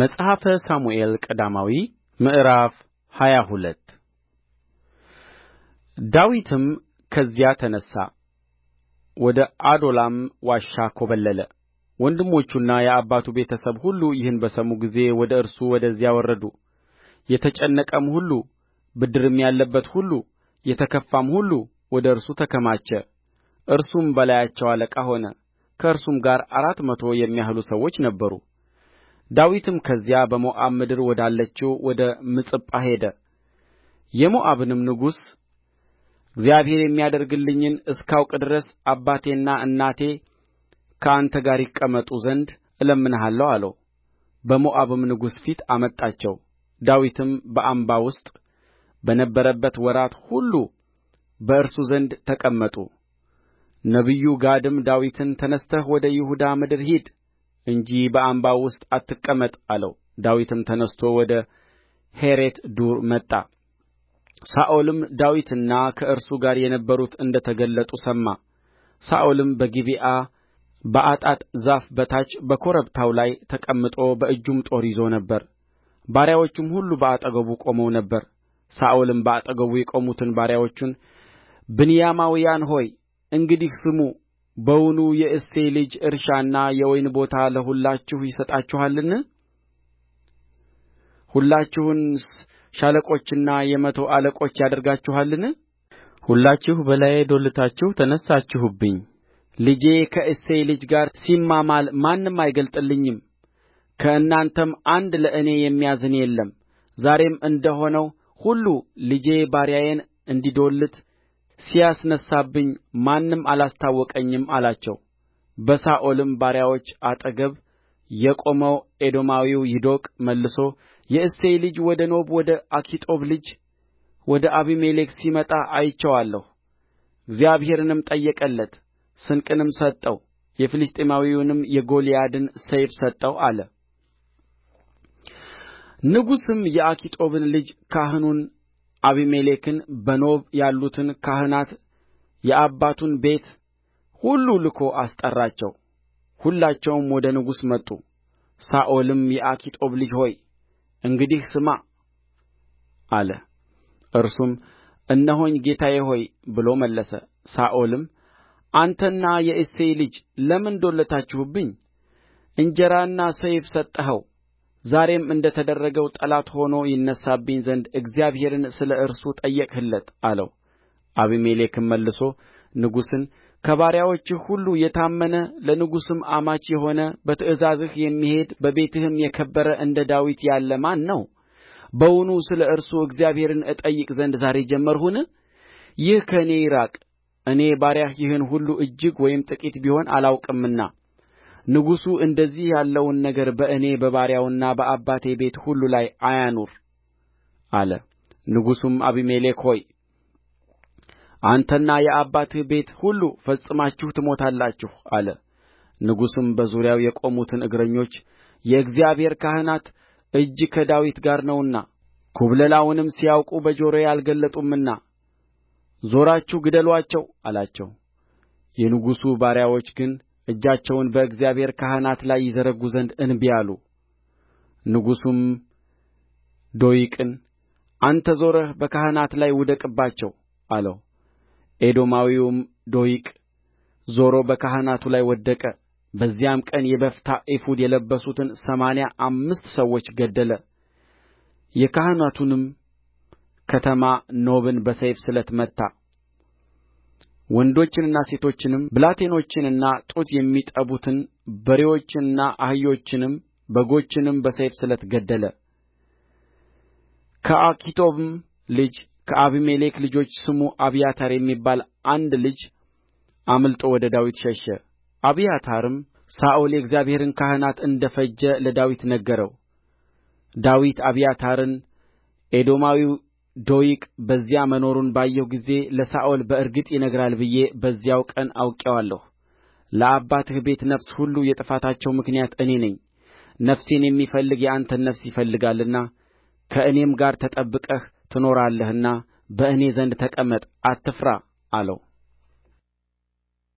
መጽሐፈ ሳሙኤል ቀዳማዊ ምዕራፍ ሃያ ሁለት ዳዊትም ከዚያ ተነሣ፣ ወደ አዶላም ዋሻ ኰበለለ። ወንድሞቹና የአባቱ ቤተሰብ ሁሉ ይህን በሰሙ ጊዜ ወደ እርሱ ወደዚያ ወረዱ። የተጨነቀም ሁሉ ብድርም ያለበት ሁሉ የተከፋም ሁሉ ወደ እርሱ ተከማቸ። እርሱም በላያቸው አለቃ ሆነ። ከእርሱም ጋር አራት መቶ የሚያህሉ ሰዎች ነበሩ። ዳዊትም ከዚያ በሞዓብ ምድር ወዳለችው ወደ ምጽጳ ሄደ የሞዓብንም ንጉሥ እግዚአብሔር የሚያደርግልኝን እስካውቅ ድረስ አባቴና እናቴ ከአንተ ጋር ይቀመጡ ዘንድ እለምንሃለሁ አለው በሞዓብም ንጉሥ ፊት አመጣቸው ዳዊትም በአምባ ውስጥ በነበረበት ወራት ሁሉ በእርሱ ዘንድ ተቀመጡ ነቢዩ ጋድም ዳዊትን ተነሥተህ ወደ ይሁዳ ምድር ሂድ እንጂ በአምባው ውስጥ አትቀመጥ አለው ዳዊትም ተነሥቶ ወደ ሔሬት ዱር መጣ ሳኦልም ዳዊትና ከእርሱ ጋር የነበሩት እንደ ተገለጡ ሰማ ሳኦልም በጊብዓ በአጣጥ ዛፍ በታች በኮረብታው ላይ ተቀምጦ በእጁም ጦር ይዞ ነበር ባሪያዎቹም ሁሉ በአጠገቡ ቆመው ነበር ሳኦልም በአጠገቡ የቆሙትን ባሪያዎቹን ብንያማውያን ሆይ እንግዲህ ስሙ በውኑ የእሴይ ልጅ እርሻና የወይን ቦታ ለሁላችሁ ይሰጣችኋልን ሁላችሁንስ ሻለቆችና የመቶ አለቆች ያደርጋችኋልን ሁላችሁ በላዬ ዶልታችሁ ተነሣችሁብኝ ልጄ ከእሴይ ልጅ ጋር ሲማማል ማንም አይገልጥልኝም ከእናንተም አንድ ለእኔ የሚያዝን የለም ዛሬም እንደሆነው ሁሉ ልጄ ባሪያዬን እንዲዶልት ሲያስነሣብኝ ማንም አላስታወቀኝም አላቸው በሳኦልም ባሪያዎች አጠገብ የቆመው ኤዶማዊው ዶይቅ መልሶ የእሴይ ልጅ ወደ ኖብ ወደ አኪጦብ ልጅ ወደ አቢሜሌክ ሲመጣ አይቼዋለሁ እግዚአብሔርንም ጠየቀለት ስንቅንም ሰጠው የፍልስጥኤማዊውንም የጎልያድን ሰይፍ ሰጠው አለ ንጉሡም የአኪጦብን ልጅ ካህኑን አቢሜሌክን በኖብ ያሉትን ካህናት የአባቱን ቤት ሁሉ ልኮ አስጠራቸው ሁላቸውም ወደ ንጉሡ መጡ ሳኦልም የአኪጦብ ልጅ ሆይ እንግዲህ ስማ አለ እርሱም እነሆኝ ጌታዬ ሆይ ብሎ መለሰ ሳኦልም አንተና የእሴይ ልጅ ለምን ዶለታችሁብኝ እንጀራና ሰይፍ ሰጠኸው ዛሬም እንደ ተደረገው ጠላት ሆኖ ይነሣብኝ ዘንድ እግዚአብሔርን ስለ እርሱ ጠየቅህለት አለው አቢሜሌክም መልሶ ንጉሡን ከባሪያዎችህ ሁሉ የታመነ ለንጉሥም አማች የሆነ በትእዛዝህ የሚሄድ በቤትህም የከበረ እንደ ዳዊት ያለ ማን ነው በውኑ ስለ እርሱ እግዚአብሔርን እጠይቅ ዘንድ ዛሬ ጀመርሁን ይህ ከእኔ ይራቅ እኔ ባሪያህ ይህን ሁሉ እጅግ ወይም ጥቂት ቢሆን አላውቅምና ንጉሡ እንደዚህ ያለውን ነገር በእኔ በባሪያውና በአባቴ ቤት ሁሉ ላይ አያኑር አለ ንጉሡም አቢሜሌክ ሆይ አንተና የአባትህ ቤት ሁሉ ፈጽማችሁ ትሞታላችሁ አለ ንጉሡም በዙሪያው የቆሙትን እግረኞች የእግዚአብሔር ካህናት እጅ ከዳዊት ጋር ነውና ኵብለላውንም ሲያውቁ በጆሮዬ አልገለጡምና ዞራችሁ ግደሉአቸው አላቸው የንጉሡ ባሪያዎች ግን እጃቸውን በእግዚአብሔር ካህናት ላይ ይዘረጉ ዘንድ እንቢ አሉ። ንጉሡም ዶይቅን አንተ ዞረህ በካህናት ላይ ውደቅባቸው አለው። ኤዶማዊውም ዶይቅ ዞሮ በካህናቱ ላይ ወደቀ። በዚያም ቀን የበፍታ ኤፉድ የለበሱትን ሰማንያ አምስት ሰዎች ገደለ። የካህናቱንም ከተማ ኖብን በሰይፍ ስለት መታ። ወንዶችንና ሴቶችንም ብላቴኖችንና ጡት የሚጠቡትን በሬዎችንና አህዮችንም በጎችንም በሰይፍ ስለት ገደለ ከአኪጦብም ልጅ ከአቢሜሌክ ልጆች ስሙ አብያታር የሚባል አንድ ልጅ አምልጦ ወደ ዳዊት ሸሸ አብያታርም ሳኦል የእግዚአብሔርን ካህናት እንደ ፈጀ ለዳዊት ነገረው ዳዊት አብያታርን ኤዶማዊው ዶይቅ በዚያ መኖሩን ባየሁ ጊዜ ለሳኦል በእርግጥ ይነግራል ብዬ በዚያው ቀን አውቄዋለሁ ለአባትህ ቤት ነፍስ ሁሉ የጥፋታቸው ምክንያት እኔ ነኝ ነፍሴን የሚፈልግ የአንተን ነፍስ ይፈልጋልና ከእኔም ጋር ተጠብቀህ ትኖራለህና በእኔ ዘንድ ተቀመጥ አትፍራ አለው